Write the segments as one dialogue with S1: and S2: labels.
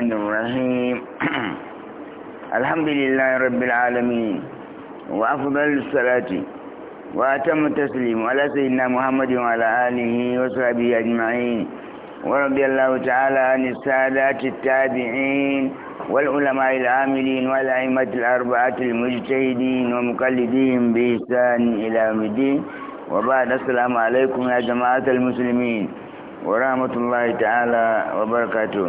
S1: الرحمن الرحيم الحمد لله رب العالمين وأفضل الصلاة وأتم التسليم على سيدنا محمد وعلى آله وصحبه أجمعين ورضي الله تعالى عن السادات التابعين والعلماء العاملين والأئمة الأربعة المجتهدين ومقلدين بإحسان إلى يوم الدين وبعد السلام عليكم يا جماعة المسلمين ورحمة الله تعالى وبركاته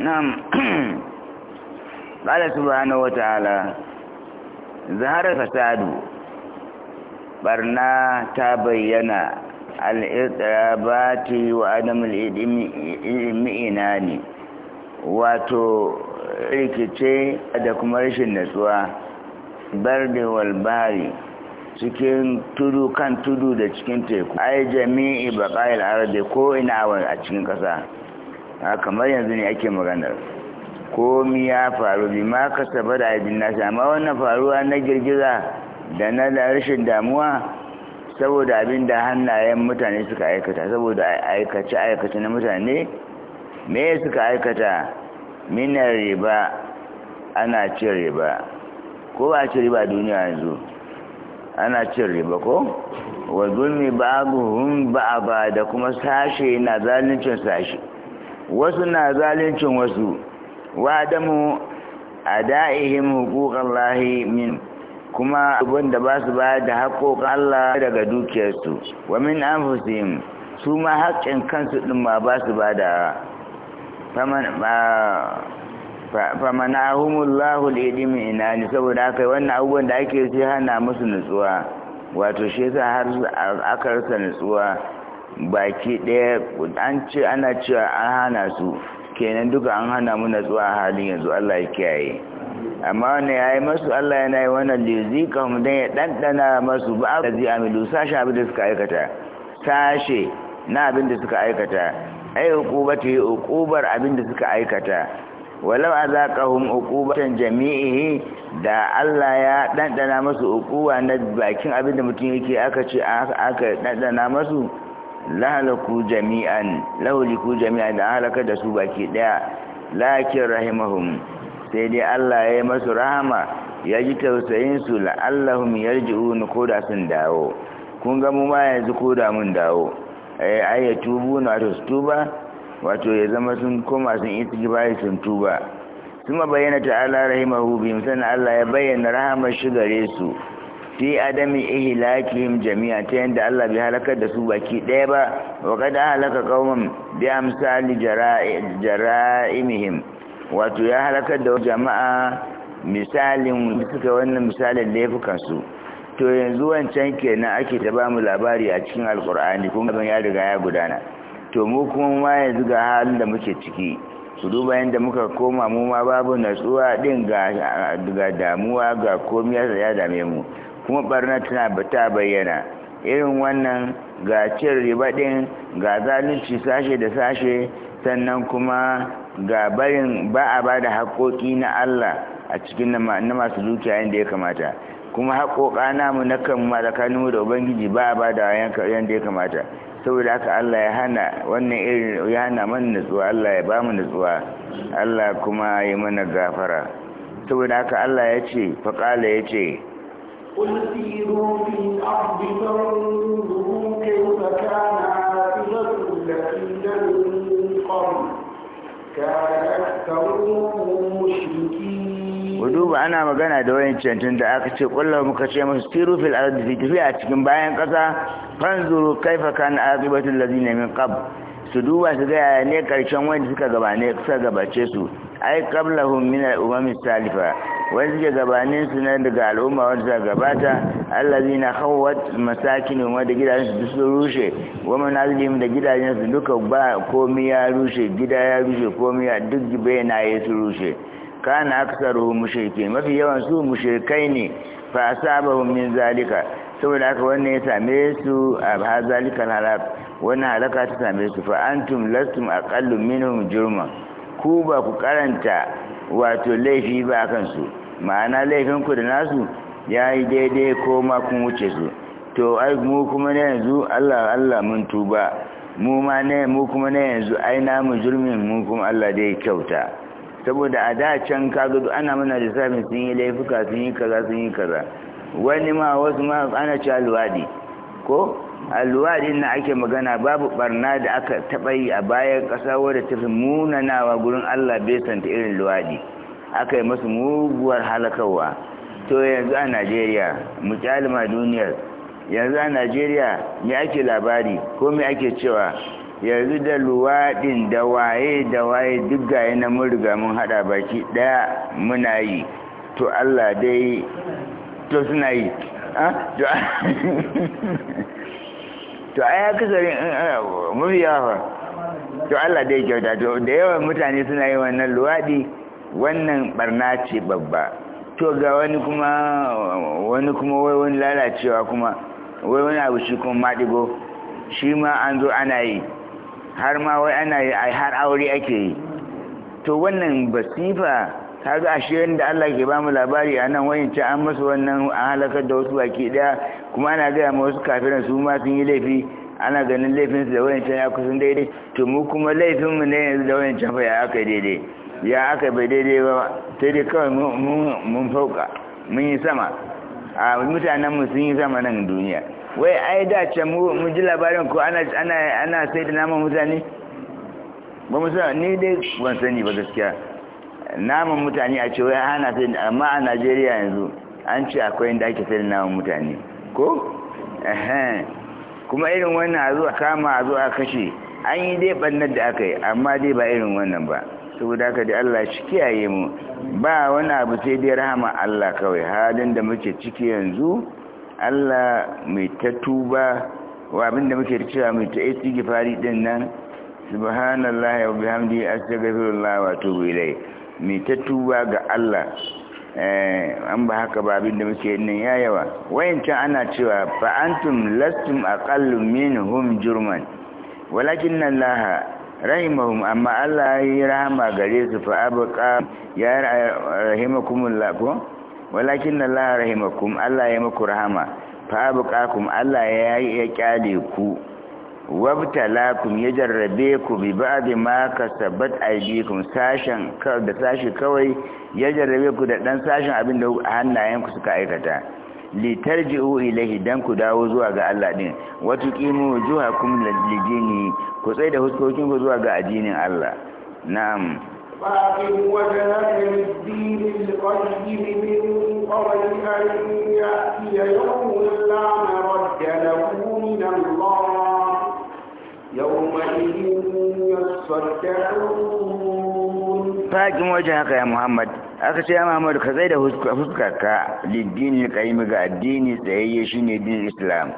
S1: نعم قال سبحانه وتعالى ظهر فساد برنا تبين الاضطرابات وعدم الإدمئنان wato rikice da kuma rashin natsuwa barde walbari cikin tudu kan tudu da cikin teku ai jami'i baƙa'il arabe ko ina a cikin ƙasa kamar yanzu ne ake maganar komi ya faru bi ma ka saba da abin nasa amma wannan faruwa na girgiza da na rashin damuwa saboda abin da hannayen mutane suka aikata saboda aikace-aikace na mutane me suka aikata minar riba ana cin riba ko ba cin riba duniya yanzu ana cin riba ko wa zulmi ba'abuhum ba'aba da kuma sashe na zaluncin sashe wasu na zalincin wasu wa damu a da'ihim hukukan lahi min kuma abin da ba su bayar da haƙoƙa Allah daga dukiyarsu wa min anfusihim su ma haƙƙin kansu ɗin ma ba su ba da famanahumullahu ilimi ina ne saboda yi wannan abubuwan da ake sai hana musu nutsuwa wato shi yasa har aka rasa nutsuwa baki ɗaya an ce ana cewa an hana su kenan duka an hana mu zuwa a halin yanzu Allah ya kiyaye amma wannan ya yi masu Allah yana yi wannan lizi kan don ya ɗanɗana masu ba a zai amilu sashe abin da suka aikata sashe na abin da suka aikata ai hukuba ta yi hukubar abin da suka aikata walau a za ka hun hukubatan jami'i da Allah ya ɗanɗana masu hukuba na bakin abin da mutum yake aka ce aka ɗanɗana masu lahalaku jami'an lahaliku jami'an da halaka da su baki daya lakin rahimahum sai dai Allah ya yi masu rahama ya ji tausayin su la'allahum yarji'un koda sun dawo kun ga mu ma yanzu koda mun dawo ai eh, ai ya tubu na to tuba wato ya zama sun koma sun yi tijibari sun tuba kuma bayyana ta'ala rahimahu bi musanna Allah ya bayyana rahama shi gare su fi adami ihlakihim jami'a ta yanda Allah bai halakar da su baki daya ba wa kad halaka qauman bi amsali jara'imihim wato ya halakar da jama'a misalin suka wannan misalin laifukan su to yanzu wancan kenan ake ta ba mu labari a cikin alkur'ani kun ga ya riga ya gudana to mu kuma ma yanzu ga halin da muke ciki su duba yadda muka koma mu ma babu natsuwa din ga damuwa ga komai ya dame mu kuma barna tana ta bayyana irin wannan ga cin ribadin ga zalunci sashe da sashe sannan kuma ga barin ba a ba da haƙoƙi na Allah a cikin na masu dukiya yadda ya kamata kuma haƙoƙa namu na kan tsakaninmu da ubangiji ba a ba da yadda ya kamata saboda haka Allah ya hana wannan irin ya hana mana nutsuwa Allah ya ba mu nutsuwa Allah kuma ya mana gafara saboda haka Allah ya ce faƙala ya ce
S2: قل سيروا في الأرض فانظروا كيف كان عاقبة الذين من قبل كان أكثرهم مشركين
S1: duba ana magana da wayan cancan da aka ce kulla muka ce musu tiru fil ardi fi tafiya a cikin bayan kasa fanzuru kaifa kan aqibatul ladina min qab su duba su ga ne karshen wanda suka gabane suka gabace su ai qablahum min al-umam salifa wani ke gabanin su na daga al'umma wanda ta gabata allazi na hawat masakin wanda gidajen su sun rushe wa manazilihim da gidajen su duka ba komi ya rushe gida ya rushe komi ya duk ya su rushe kana aksaruhu mushrike mafi yawan su mushrikai ne fa saba min zalika saboda haka wannan ya same su a hazalika halak wannan halaka ta same su fa antum lastum aqallu minhum jurman ku ba ku karanta wato laifi ba kansu ma'ana laifinku da nasu ya yi daidai ko ma wuce su to ai mu kuma na yanzu Allah Allah mun tuba mu ma ne mu kuma na yanzu ai namu jurmin mu kuma Allah dai kyauta saboda a da can kaga duk ana mana lissafin sun yi laifuka sun yi kaza sun yi kaza wani ma wasu ma ana ci alwadi ko alwadin na ake magana babu barna da aka taɓa yi a bayan ƙasa wadda ta fi munanawa gurin Allah bai santa irin luwadi aka yi masu muguwar halakawa to yanzu a najeriya mutalima duniyar yanzu a najeriya me ake labari ko me ake cewa yanzu da luwaɗin da waye da waye duk gaye na murga mun haɗa baki ɗaya muna yi to allah dai to suna yi to a ya kasarin eh, eh, mun yawa to allah dai kyauta to da yawan mutane suna yi wannan luwaɗi wannan barna ce babba to ga wani kuma wani kuma wai wani lalacewa kuma wai wani abu shi kuma maɗigo shi ma an zo ana yi har ma wai ana yi har aure ake yi to wannan basifa ga ashe yadda Allah ke mu labari a nan wayan ce an masa wannan an halakar da wasu baki daya kuma ana gaya ma wasu kafiran su ma sun yi laifi ana ganin laifinsu da wayan can ya kusan daidai to mu kuma laifinmu ne yanzu da wayan can fa ya aka daidai ya aka bai daidai ba sai dai kawai mun fauka mun yi sama a mutanenmu sun yi sama nan duniya wai ai da can mu ji labarin ko ana sai da naman mutane ba mu sa ni dai ban sani ba gaskiya naman mutane a ce wai ana sai da amma a najeriya yanzu an ce akwai inda ake sai da naman mutane ko kuma irin wannan a zuwa kama a zuwa kashe an yi dai bannar da aka yi amma dai ba irin wannan ba saboda ka da Allah shi kiyaye mu ba wani abu sai dai rahama Allah kawai halin da muke ciki yanzu Allah mai ta tuba wa abin da muke cewa mai ta fari din nan subhanallahi wa bihamdihi astaghfirullah wa atubu ilayh mai ta tuba ga Allah eh, an ba haka ba abin da muke nan ya yawa wayancan ana cewa fa antum lastum aqallu minhum jurman walakin Allah rahimahum amma Allah ya yi rahama gare su fa abqa ya Allah ko walakin Allah rahimakum Allah ya muku rahama fa abqakum Allah ya ya kyale ku wabtalakum ya jarrabe ku bi ba'di ma kasabat aydikum sashan da sashi kawai ya jarrabe ku da dan sashin abin da hannayen ku suka aikata litarji'u ilayhi dan ku dawo zuwa ga Allah din wata qimu wujuhakum lidini ku tsaye da huskokin ku zuwa ga addinin Allah na'am
S2: فاقم وجهك ya
S1: muhammad ya Muhammad. aka ce ya Muhammadu ka zai da fuskarka liddinin kaimi ga addini tsayayye shi ne din Islam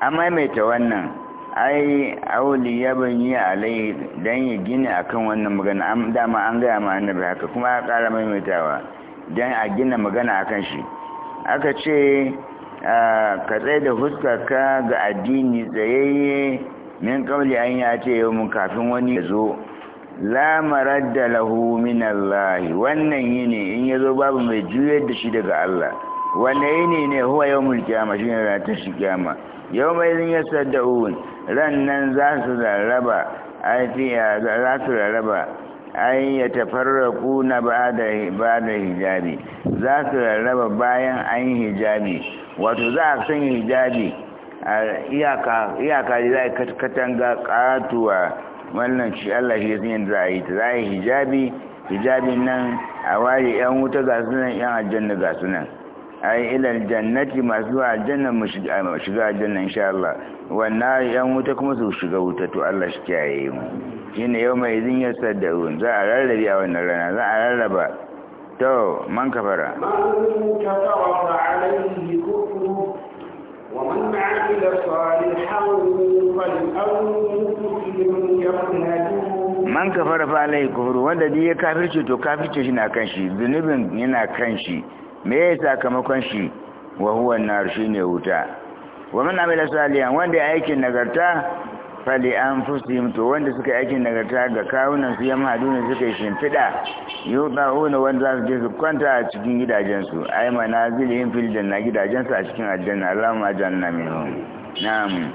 S1: amma mai ta wannan ai auli ya bani alai dan ya gina akan wannan magana dama an gaya ma annabi haka kuma ya kara maimaitawa dan a gina magana akan shi aka ce ka tsaye da fuskarka ga addini tsayayye min kauli an ya ce yau mun kafin wani ya zo la maradda lahu min Allah wannan yini in yazo babu mai juyar da shi daga Allah wannan yini ne huwa yawmul qiyamah shine ranar shi kiyama yawma idin yasaddaun ran nan za su rarraba ai za su rarraba ai ya tafarraku na ba'da da hijabi za su rarraba bayan an yi hijabi wato za a san hijabi iyaka iyaka da za a katanga katuwa wannan shi Allah shi yasin yin za a yi ta za a yi hijabi hijabi nan a ware yan wuta ga sunan yan aljanna ga sunan ai ilal jannati masu zuwa aljanna mu shiga aljanna insha Allah wannan yan wuta kuma su shiga wuta to Allah shi kiyaye mu shine yau mai izin ya saddaru za a rarrabe a wannan rana za a rarraba to man kafara man
S2: kafara fa alaihi kufru ومن عمل صالحا فلأنفسهم يمهدون
S1: man kafara fa alai kufur wanda duk ya kafirce to kafirce shi na kan shi zunubin yana kan shi me ya sakamakon shi wa huwa nar shine wuta wa man amila salihan wanda ya aikin nagarta fali an fusi to wanda suka aikin nagarta ga kawunan su yamma duniya suka yi shimfiɗa yau wani wanda za su je su kwanta a cikin gidajensu a yi mana fili filin na gidajensu a cikin aljanna alama aljanna mai hau na'am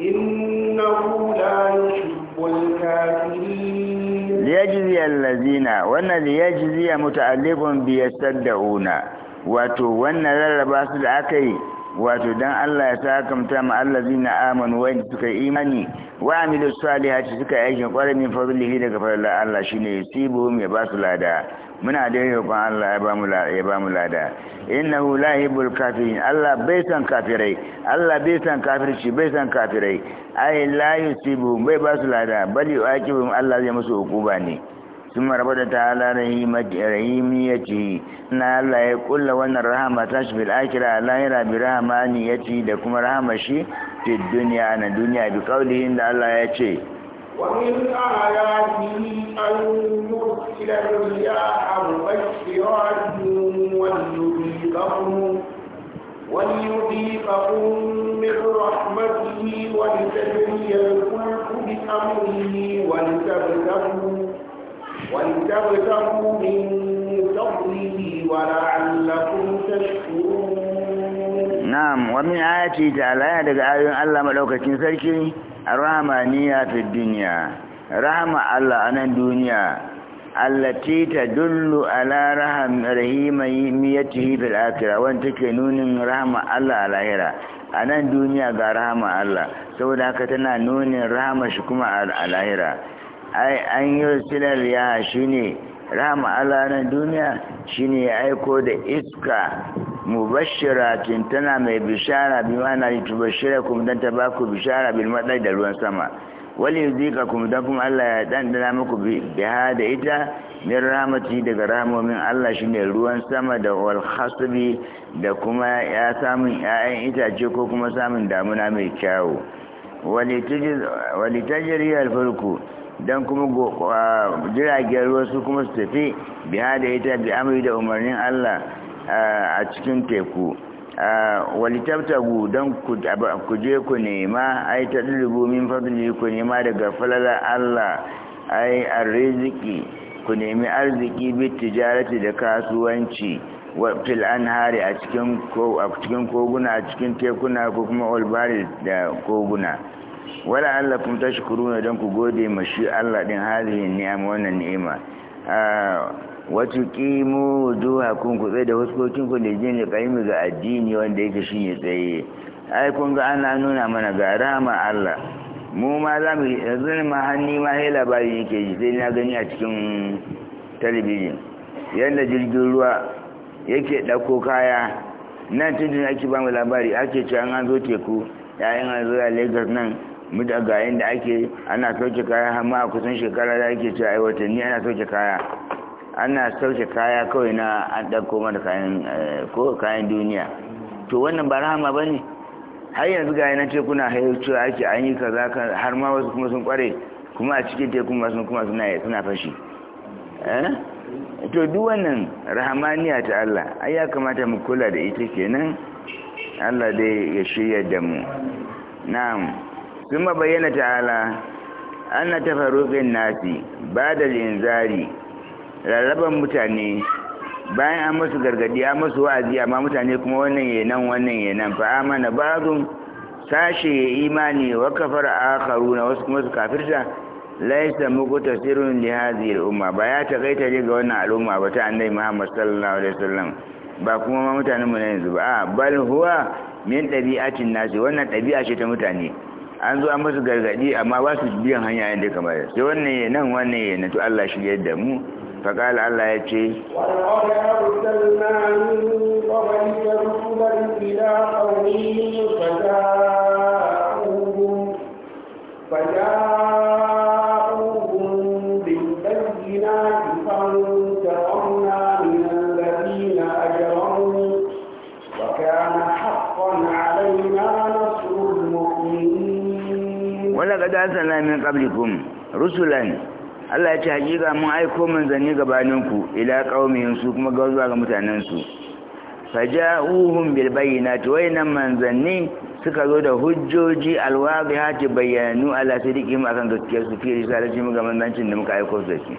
S2: يجزي إنه لا يحب الكافرين
S1: liyajzi allazina wannan liyajzi muta'alliqun bi sadda'una wato wannan rarraba su da aka yi wato dan Allah ya sakamta ma allazina amanu wa suka imani wa amilu salihati suka aikin kware min fadlihi daga fadlan Allah shine yusibu ya ba su lada muna da roƙon Allah ya ba mu ya ba mu lada innahu lahibul kafirin Allah bai san kafirai Allah bai san kafirci bai san kafirai ai la yusibu bai ba su lada bal yu'aqibuhum Allah zai musu hukuba ne sun maraba da ta'ala rahimiyaci na Allah ya kulla wannan rahama ta shi bil akira lahira bi rahamaniyati da kuma rahama shi fi duniya na duniya bi da Allah ya ce
S2: ومن آياته أن يرسل الرياح مبشرات وليذيقهم وليذيقهم من رحمته ولتجري الفلك بأمره ولتبتغوا Wai ta bai san min don ɓuri
S1: ya daga ayoyin Allah ma ɗaukar cikin sarki a ramaniya a fidda. Rahama Allah a nan duniya Allah ce ta dullu a lara rahima miyar hira a take nuni rahama Allah a lahira a nan duniya gara ham Allah. saboda haka tana nunin rahma shi kuma a lahira. ai an yi silar ya shi ne rahama Allah na duniya shi ne ya aiko da iska mubashiratin tana mai bishara bi mana yi tubashira kuma don ta baku bishara bil matsayi da ruwan sama wali zika kuma don kuma Allah ya dandana muku biha da ita min ramati daga ramomin Allah shi ne ruwan sama da walhassabi da kuma ya samun ‘ya'yan itace ko kuma samun damuna mai kyawu wali tajiriyar farko don kuma jiragen ruwa su kuma su tafi biya da ita bi amuri da umarnin Allah a cikin teku walitabtagu don ku je ku nema ai ta dulubu min fadli ku nema daga falala Allah ai arziki ku nemi arziki bi tijarati da kasuwanci fil hari a cikin koguna a cikin tekuna ko kuma olbari da koguna wala allakum tashkuruna dan ku gode ma shi Allah din halihi ni'am wannan ni'ima ah, wa tuqimu wujuhakum ku tsaye da huskokin ku da jini kaimi ga addini wanda yake shi tsaye ai kun ga ana nuna mana ga rama Allah mu ma za mu yanzu ma hanni ma sai labari yake ji sai na gani a cikin talabijin yadda jirgin ruwa yake ɗauko kaya nan tun ake ba mu labari ake cewa an zo teku yayin an zo a lagos nan muda ga yadda ake ana sauke kaya amma a kusan shekara da ake cewa ai watanni ana sauke kaya ana sauke kaya kawai na an ɗauko mata kayan eh, ko kayan duniya to wannan ba rahama ba ne har yanzu ga yana ce kuna hayar cewa ake an yi kaza har ma wasu kuma sun kware kuma a cikin teku masu kuma suna suna fashi eh? to duk wannan rahamaniya ta Allah ai ya kamata mu kula da ita kenan Allah dai ya shirya da mu na'am ثم بين تعالى أن تفرق الناس بعد الإنذار rarraban mutane bayan an masu gargadi an masu wa'azi amma mutane kuma wannan yanan wannan yanan fa amana ba'dhum sashi ya imani wa kafara akharuna wasu kuma su kafirta laisa muku tasirin li hadhihi al-umma ba ya takaita ne ga wannan al'umma ba ta annabi Muhammad sallallahu alaihi wasallam ba kuma ma mutanen mu ne yanzu ba bal huwa min dabi'atin nasi wannan dabi'a ce ta mutane an zo an musu gargaɗi, amma ba su biyan hanya yadda kamar sai wannan ya nan wannan ya nato Allah shi yadda mu faƙala Allah ya ce أَرْسَلْنَا مِن laqad arsalna min qablikum rusulan Allah ya ce hakika mun aiko manzanni gabaninku ila qaumihim su kuma ga zuwa ga mutanen su faja'uhum bil bayyinati wa nan manzanni suka zo da hujjoji alwadihati bayyanu ala sidiqihim akan gaskiyar su fi risalati ga manzancin da muka aiko su shi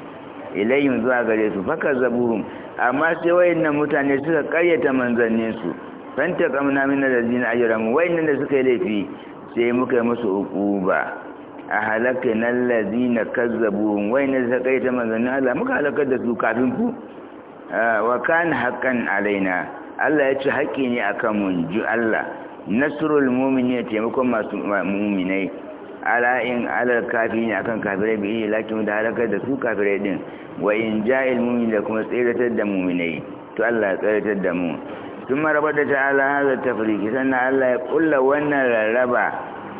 S1: ilayhim zuwa gare su fakazabuhum amma sai nan mutane suka karyata manzannin su fanta kamna min allazina ajramu nan da suka yi laifi sai muka yi musu uquba a halaka na lazina kazzabu wai na ta kai ta manzannin Allah muka halakar da su kafin ku wa kan hakan alaina Allah ya ce haƙƙi ne a kan mun ji Allah nasrul ne taimakon masu mu'minai ala kafi ne a akan kafirai yi lakin da halakar da su kafirai din wa in ja mu'min da kuma tsiratar da mu'minai to Allah ya tsiratar da mu da ربط تعالى هذا التفريق sannan Allah ya لو wannan rarraba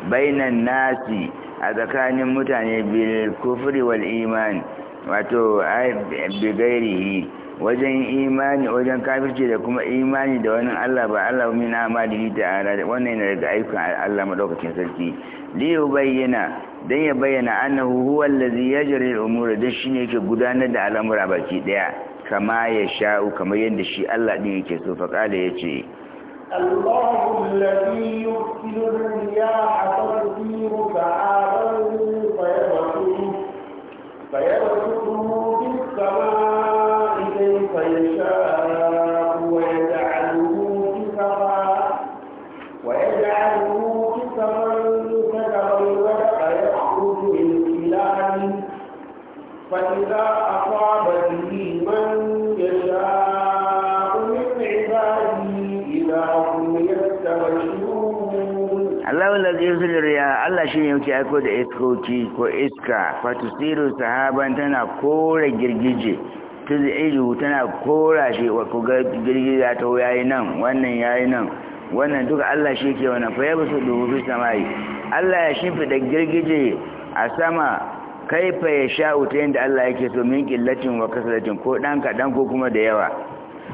S1: bainan nasi. a tsakanin mutane bil kufri wal iman wato wajen imani wajen kafirci da kuma imani da wani Allah ba Allah min amalihi ara wannan yana daga aikin Allah madaukakin sarki li yubayyana dan ya bayyana annahu huwa allazi yajri al-umur da shi ne yake gudanar da al'amura baki daya kama ya sha'u kamar yadda shi Allah din yake so fa kale yace
S2: Allahu الذي يرسل الرياح تصير سحابا فيبسطه في السماء كيف يشاء ويجعله كسرا ويجعله كسرا كسفا الورق يخرج من خلاله فإذا
S1: Allah shi ne yake aiko da iskoki ko iska fatusiru sahaban tana kora girgije tuziru tana kora shi wa ku ga girgiza ta yayi nan wannan yayi nan wannan duka Allah shi ke wannan fa yabu su dubu samai Allah ya shifi da girgije a sama kaifa ya sha'u ta yadda Allah yake so min killatin wa kasalatin ko dan kaɗan ko kuma da yawa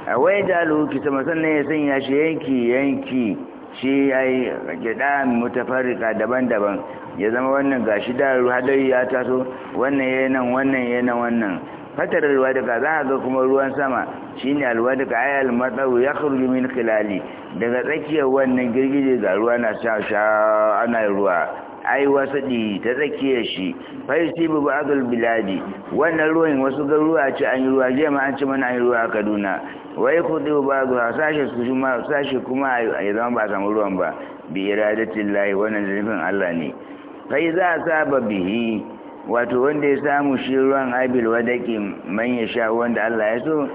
S1: a wai da lokaci sama sannan ya sanya shi yanki yanki shi ya yi gida mutafarika daban-daban ya zama wannan ga shi da hadari ya taso wannan ya nan wannan ya nan wannan fatar alwadaka za a ga kuma ruwan sama shi ne alwadaka ya almatsau ya kurji min kilali daga tsakiyar wannan girgije ga ruwa na sha ana ruwa ai wasu ta tsakiyar shi fai su bu ba biladi wannan ruwan wasu garuruwa ce an yi ruwa jiya ma an ci mana an yi ruwa a kaduna wai ku ɗi ba a sashe kuma a yi zama ba a samu ruwan ba bi iradatin layi wannan nufin allah ne fai za a saba bihi wato wanda ya samu shi ruwan abil wadaki manya ya sha wanda allah ya so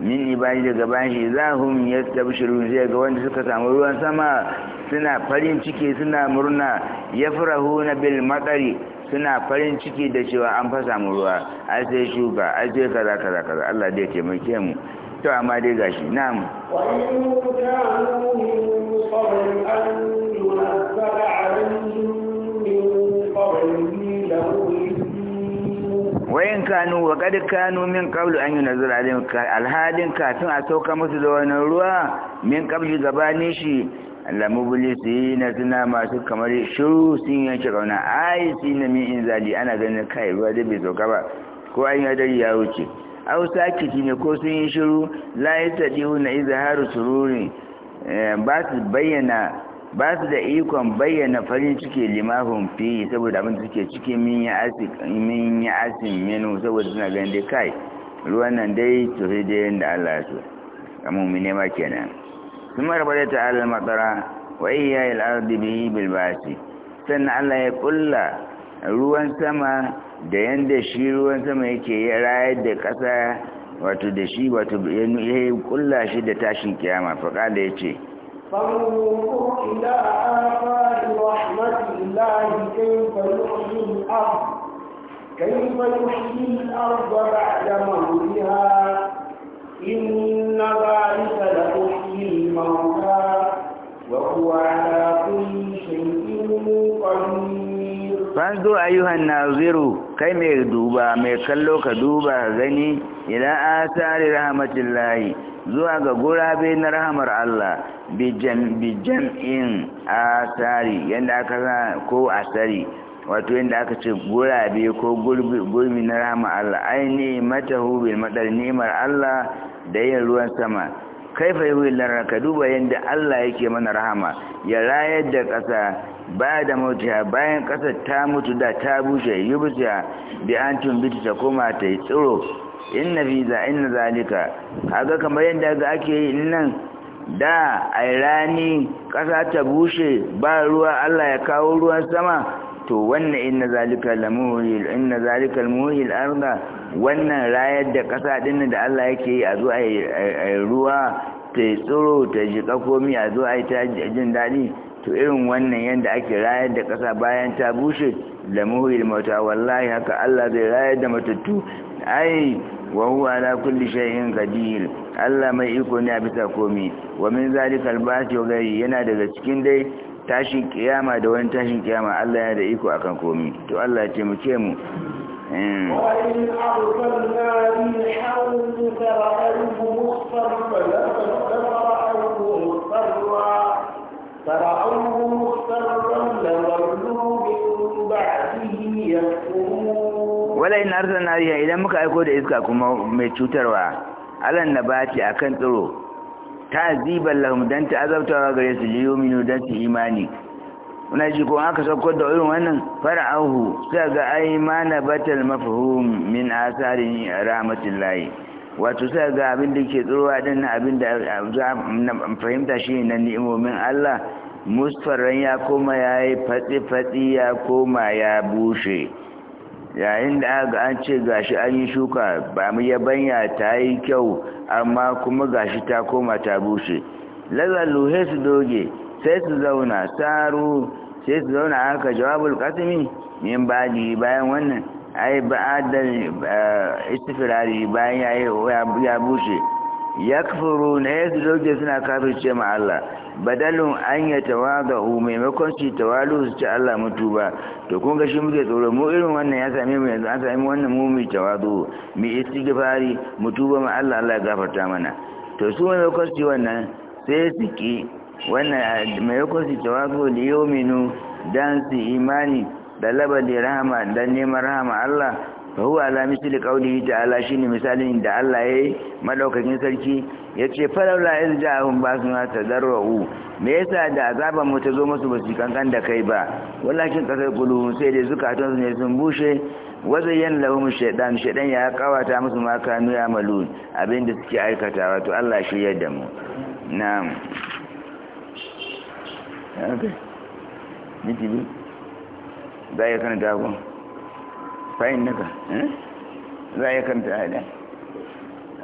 S1: min ibadi daga shi za hum yastabshirun zai ga wanda suka samu ruwan sama suna farin ciki suna murna na bil matsari suna farin ciki da cewa an fa samu ruwa ai sai shuka ai sai kaza kaza kaza Allah dai ya taimake mu to amma dai gashi na'am wa
S2: in min qabl an alayhim min
S1: wayin kanu wa kad kanu min qablu an yunzila alayhim alhadin kafin a sauka musu da wannan ruwa min qabli gabani shi na zina masu kamar shiru sun yanke kauna ai sina min inzali ana ganin kai ruwa da bai sauka ba ko an yi dari ya wuce au sakiti ne ko sun yi shiru la yatadiuna na izharu sururi eh, ba su bayyana ba su da ikon bayyana farin ciki limahun fi saboda abin da suke ciki min ya asin minu saboda suna ganin dai kai ruwan nan dai sai dai da Allah ya so amma mu ma kenan kuma maraba ta'ala matara wa iya yi bi bihi basi sannan Allah ya kulla ruwan sama da yanda shi ruwan sama yake ya rayar da ƙasa wato da shi wato ya kulla shi da tashin kiyama faƙa da ya ce
S2: فانظروا إلى آثار رحمة الله كيف يحيي الأرض كيف يحيي الأرض بعد موتها إن ذلك لمحيي الموتى وهو على كل شيء قدير
S1: فانظر أيها الناظر kai mai duba mai kallo ka duba ka gani ila asari rahmatillahi zuwa ga gurabe na rahmar Allah bi bijam'in asari yadda aka ko asari wato yadda aka ce gurabe ko gurbi na rahmar Allah ainihin matahu bil madar ni'mar Allah da yin ruwan sama kaifa yuhil larra ka duba yadda Allah yake mana rahama ya rayar da ƙasa ba da mutuwa bayan ƙasa ta mutu da ta bushe yubta bi an bita ta koma ta yi tsiro inna fi za zalika kaga kamar yadda ga ake yi nan da a rani ƙasa ta bushe ba ruwa Allah ya kawo ruwan sama to wannan inna zalika lamuhil inna zalika almuhil arda wannan rayar da ƙasa ɗinnan da Allah yake yi a zo a ruwa ta yi tsoro ta ji komi a zo a yi ta jin daɗi to irin wannan yadda ake rayar da ƙasa bayan ta bushe da muhil wallahi haka Allah zai rayar da matattu ai wa huwa ala kulli shay'in qadir Allah mai iko ne a bisa komi wa min zalikal ba'th wa gari yana daga cikin dai tashin kiyama da wani tashin kiyama Allah ya da iko akan komi to Allah ya taimake mu Wala'in arzan nariya idan muka aiko da iska kuma mai cutarwa, Allah na ba a kan tsaro ta ziballahun don ta azabtawa gare su liyominu don su imani, muna ji ko aka sauko da irin wannan fara'ahu sai ga ai mana batal mafhum min asarin rahmatillahi wato sai ga abin da ke tsirowa din na abin da za fahimta shi na ni'imomin Allah musfaran ya koma ya yi fatsi-fatsi ya koma ya bushe yayin da aka an ce gashi an yi shuka ba mu yabanya ta yi kyau amma kuma gashi ta koma ta bushe lazalu su doge sai su zauna saru sai su zauna haka jawabul kasimi min baji bayan wannan ai ba'adar eh, istifirari bayan ya bushe ya kafuru na ya su dauke suna ce ma Allah badalin an ya tawaga'u maimakon shi tawalu su ci Allah mutu ba to kun ga shi muke tsoro mu irin wannan ya sami mu yanzu an sami wannan mu mu tawazu mu istighfari mutu ba ma Allah Allah ya gafarta mana to su maimakon su wannan sai su ki wannan maimakon su tawafu da minu dan su imani da labadin rahama dan neman rahama Allah ta huwa ala ta ala shi ne misalin da Allah yayi madaukakin sarki ya yace falawla su na basuna tadarru me yasa da azaban mu ta zo masu ba su kankan da kai ba wallakin kasar kulu sai dai zukatun su ne sun bushe wazayyan lahum shaidan shaidan ya kawata musu maka nuya malu abinda suke aikata wato Allah shi yadda mu na'am miti bi za a yi kan dagon fahim naka eh? za a yi kan ta hada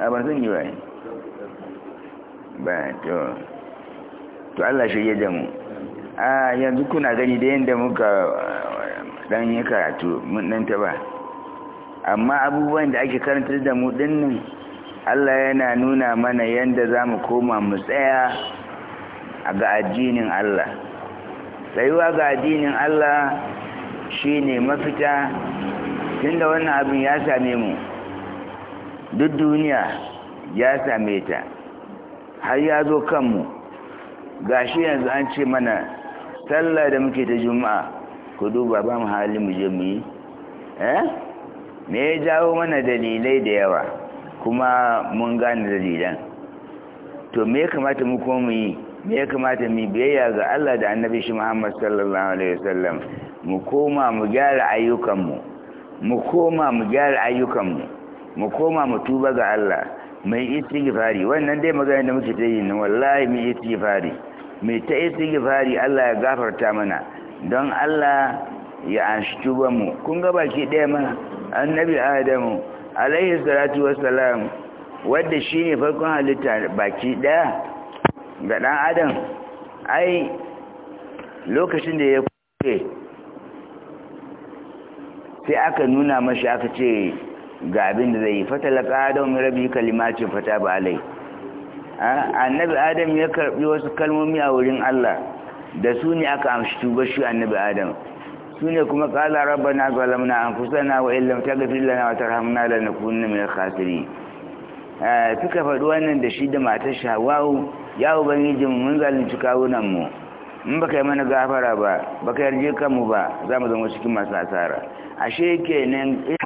S1: a ban zan yi bayan ba to allah shirya da mu a yanzu kuna gani da yadda muka eh, dan yi karatu mun dan taba amma abubuwan da ake karantar da mu dinnan allah yana nuna mana yadda za mu koma mu tsaya ga addinin Allah tsayuwa ga addinin Allah shi ne mafita tunda wannan abin ya same mu duk duniya ya same ta har ya zo kanmu ga shi yanzu an ce mana sallah da muke ta juma'a ku duba ba mu hali mu je mu yi eh me ya jawo mana dalilai da yawa kuma mun gane dalilan to me ya kamata mu kuma mu yi me ya kamata mu biyayya ga Allah da annabi shi Muhammad sallallahu alaihi wasallam mu koma mu gyara ayyukanmu mu koma mu gyara ayyukanmu mu koma mu tuba ga Allah mai istighfari wannan dai magana da muke ta yi ne wallahi mai istighfari mai ta istighfari Allah ya gafarta mana don Allah ya anshi tuban mu kun ga baki ɗaya ma annabi Adamu alaihi salatu wassalam wanda shine farkon halitta baki ɗaya ga ɗan adam ai lokacin da ya kuke sai aka nuna mashi aka ce ga abin da zai yi fatalaka adam rabi kalimacin fata ba alai annabi adam ya karɓi wasu kalmomi a wurin Allah da su ne aka amshi tuba shi annabi adam su ne kuma kala na zalamna na wa illam taghfir lana da na lanakunanna mai khasiri suka faɗi wannan da shi da matar shi hawawu ya mu mun zalunci kawunan in ba ka yi mana gafara ba ba ka yarje kanmu ba za mu zama cikin masu asara ashe kenan